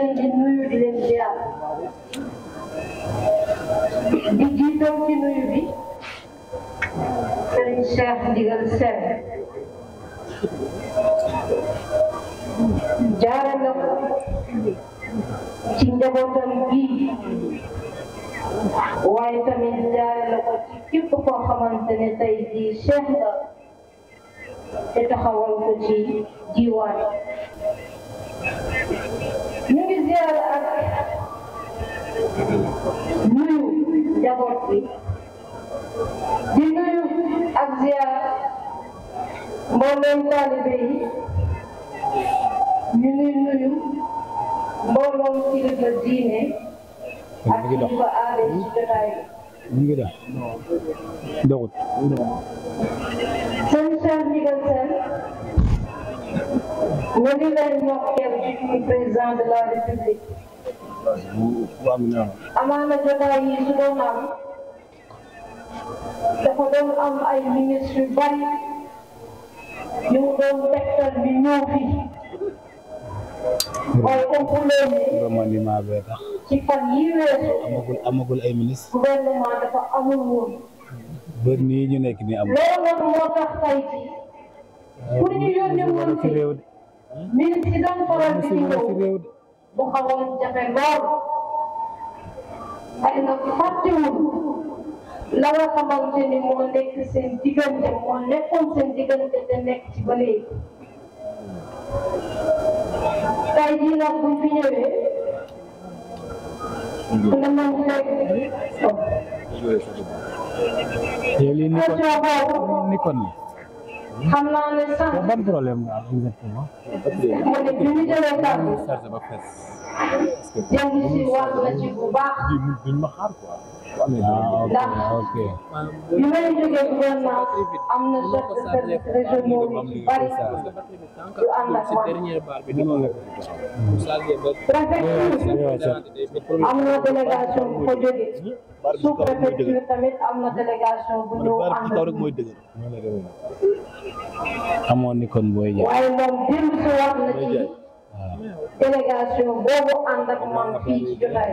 leen di nuyu di leen ziar ci nuyu bi Serigne Cheikh Ndigal Sène jaare na ko ci njabootam bii waaye tamit jaare na ko ci képp koo xamante ne tey jii Cheikh taxawal ko ci diwaan. nuyu jaboot bi di nuyu ak ziar mbooloom taalibe yi ñu ngi nuyu mbooloom kilifa diine ak kilifa aada yi jotaay ñu ngi dox doxut seen seen ndigal seen ñu amaana jotaay yi su doon am dafa doon am ay ministre bari ñu doon tegtal bi ñëw fi waaye complot yi bee tax ci fan yii weesu amagul amagul ay ministre gouvernement dafa amul woon ba nii ñu nekk nii amul loolu moo tax tey jii pour ñu yónnee woon fi ministre yi daan faral di bu xawoon jafe lool ay na fàttewul la nga xamante ni moo nekk seen diggante moo nekkoon seen diggante te nekk ci ba léegi tey jii nag buñ fi ñëwee dana fekk yow lii ni kon ni xam naa ne sànq. waaw ban problème la exactement. ma ne bi ñu jëlee kàddu. yéen si wax na ci bu baax. ndax bi may jógee gouvernement am na chef de service régionaux yu bari yu ànd ak man mm. préfecture am na délégation bu ko jógee sous préfecture tamit am na délégation bu ñëw ànd ak amoon ni kon booy jaay waaye moom démb si wax na ci délégation boobu ànd ak man fii ci jotaay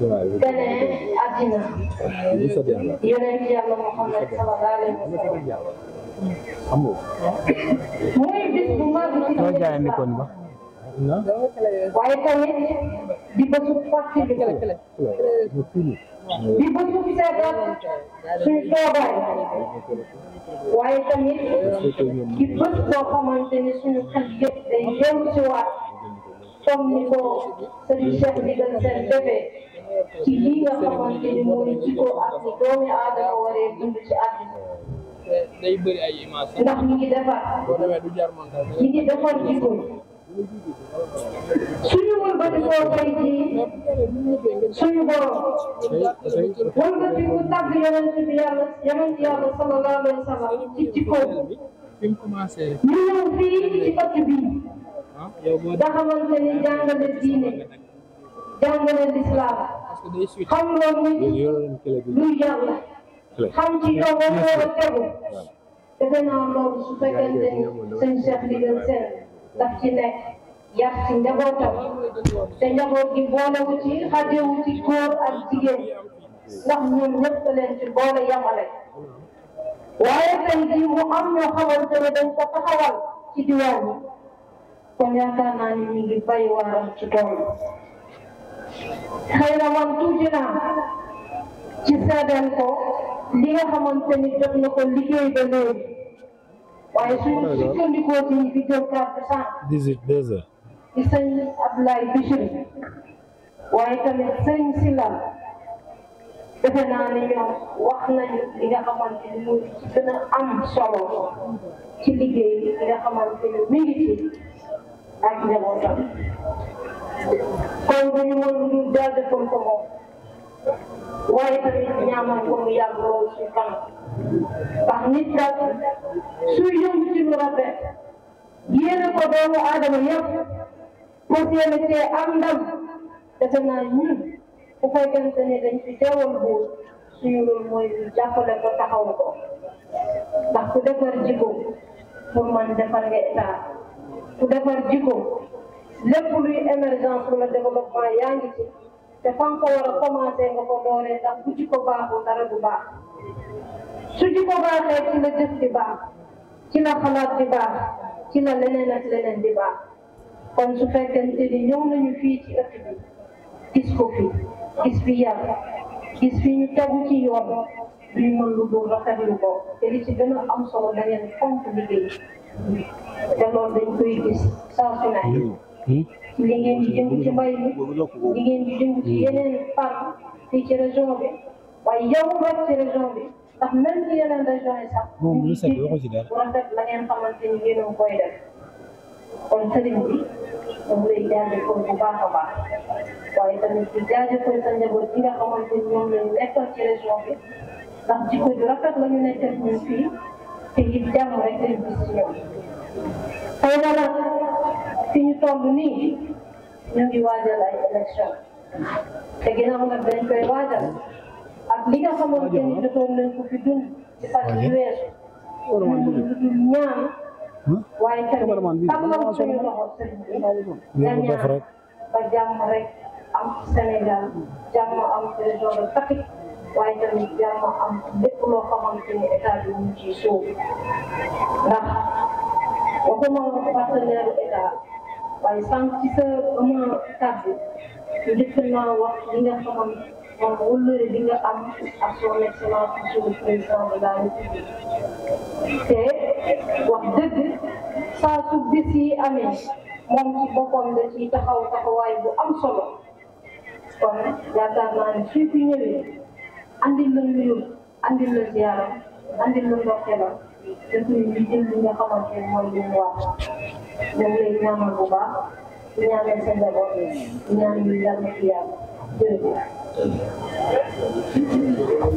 beneen addina. yonent yàlla Muhammad sallallahu alayhi wa sallam. muy bis bu mag. waaye tamit di bësu fàttali di bësu seetal suñu toogaay waaye tamit di bës boo xamante ni suñu xel yëpp day dellu si waat comme ni ko sëriñ Cheikh di gën seen defee ci lii nga xamante ni mooy jikko ak ni doomi aadama waree dund ci àddina day bëri ay image ndax mi ngi defar mi ngi defar jikko suñu wëlbati koo tey jii suñu borom wëlbati ku tàgg yonent bi yàlla yonent yàlla sallallahu alayhi wa sallam ci jikko ñu ñëw fii ci ëtt bi nga xamante ni jàngale diine jàngale lislaam xam loolu muy yàlla xam ci yow moom moo la tegu defe naa loolu su fekkente ni seen cheikh li gën seen daf nekk yar ci njabootam te njaboot gi boolewu ci xadewu ci góor ak jigéen ndax ñun ñëpp leen ci boole yamale waaye tey mu am ñoo xamante ne dañ ko taxawal ci diwaan yi kon yaakaar naa ni ñu ngi bàyyi ci tool ci seedeel ko li nga xamante ni jot na ko liggéey ba léegi waaye suñu sukkandikoo ci ñi fi jël carte sànq. 18 2 heures. di sëñ Abdoulaye Bichir waaye tamit sëñ Sila defe naa ne ñoom wax nañu li nga xamante ni mooy ci gën a am ci liggéey li nga xamante ni mi ngi ci ak njabootam kon bu ñu mën lu jaajëfal ko waaye tamit ñaanal ko mu yàgg lool ci fan ndax nit daal suy yëngu ci lu rafet yéene ko doomu aadama yëpp fas yéene cee am ndam naa ñun bu fekkente ne dañ fi teewal buur suñu loolu mooy jàppale ko taxaw ko ndax ku defar jikko pour man defar nga état lépp luy émergence wala développement yaa ngi fanko wara commencé nga ko doore ndax bu jikko baaxul dara du baax su jikko baaxee ci la jëf di baax ci la xalaat di baax ci la leneen ak leneen di baax kon su fekkente ni ñëw nañu fii ci ëtt bi gis ko fi gis fi yàlla gis fi ñu tegu ci yoon duñ mën lu dul rafetlu ko te li ci gën a am solo da ngeen fonk liggéey te loolu dañ koy gis saa su nekk li hmm? ngeen di jëm ci mbay mi li ngeen di jëm ci hmm. yeneen parc fii ci région bi waaye yow boog ci région bi ndax même ci yeneen région yi sax. moom lu set waxu ci dara bu rafet la ngeen xamante ni yéen a koy def kon sëriñ bi moom lay jaajëfal bu baax a baax waaye tamit di jaajëfal sa njaboot yi nga xamante ni ñoom lañu nekkal ci région bi ndax jikko ju rafet la ñu nekkal ñun fii te it jàmm rek lañu gis ci ñoom. fi ñu toll nii ñu ngi waajal ay élection te eh, ginnaaw nag dañ koy waajal ak li nga xamante ni jotoon nañ ko fi dund ci fan yu weesu ñaan waaye tamit tàllal suñu loxo sëriñ bi nga ñaan ba jàmm rek am Sénégal jàmm am région de Fatick waaye tamit jàmm am lépp loo xamante ni état bi mu ciy sóobu ndax waxuma partenaire état waaye sànq ci sa ama kàddu njëkk naa wax li nga xamoon moom wëllëre bi am ak son excellence monsieur le président de te wax dëgg saa su bis yi amee moom ci da ci taxaw taxawaay bu am solo kon yaakaar naa ne suy fi ñëwee andil la nuyu andil la ziyaara andil la ndokkeelam te suñu ñu jël li nga xamante mooy li mu wax ñoom ñooy ñaanal bu baax di ñaanal seen njaboot yi di ñaanal ñu yàlla ci yàlla jërëjëf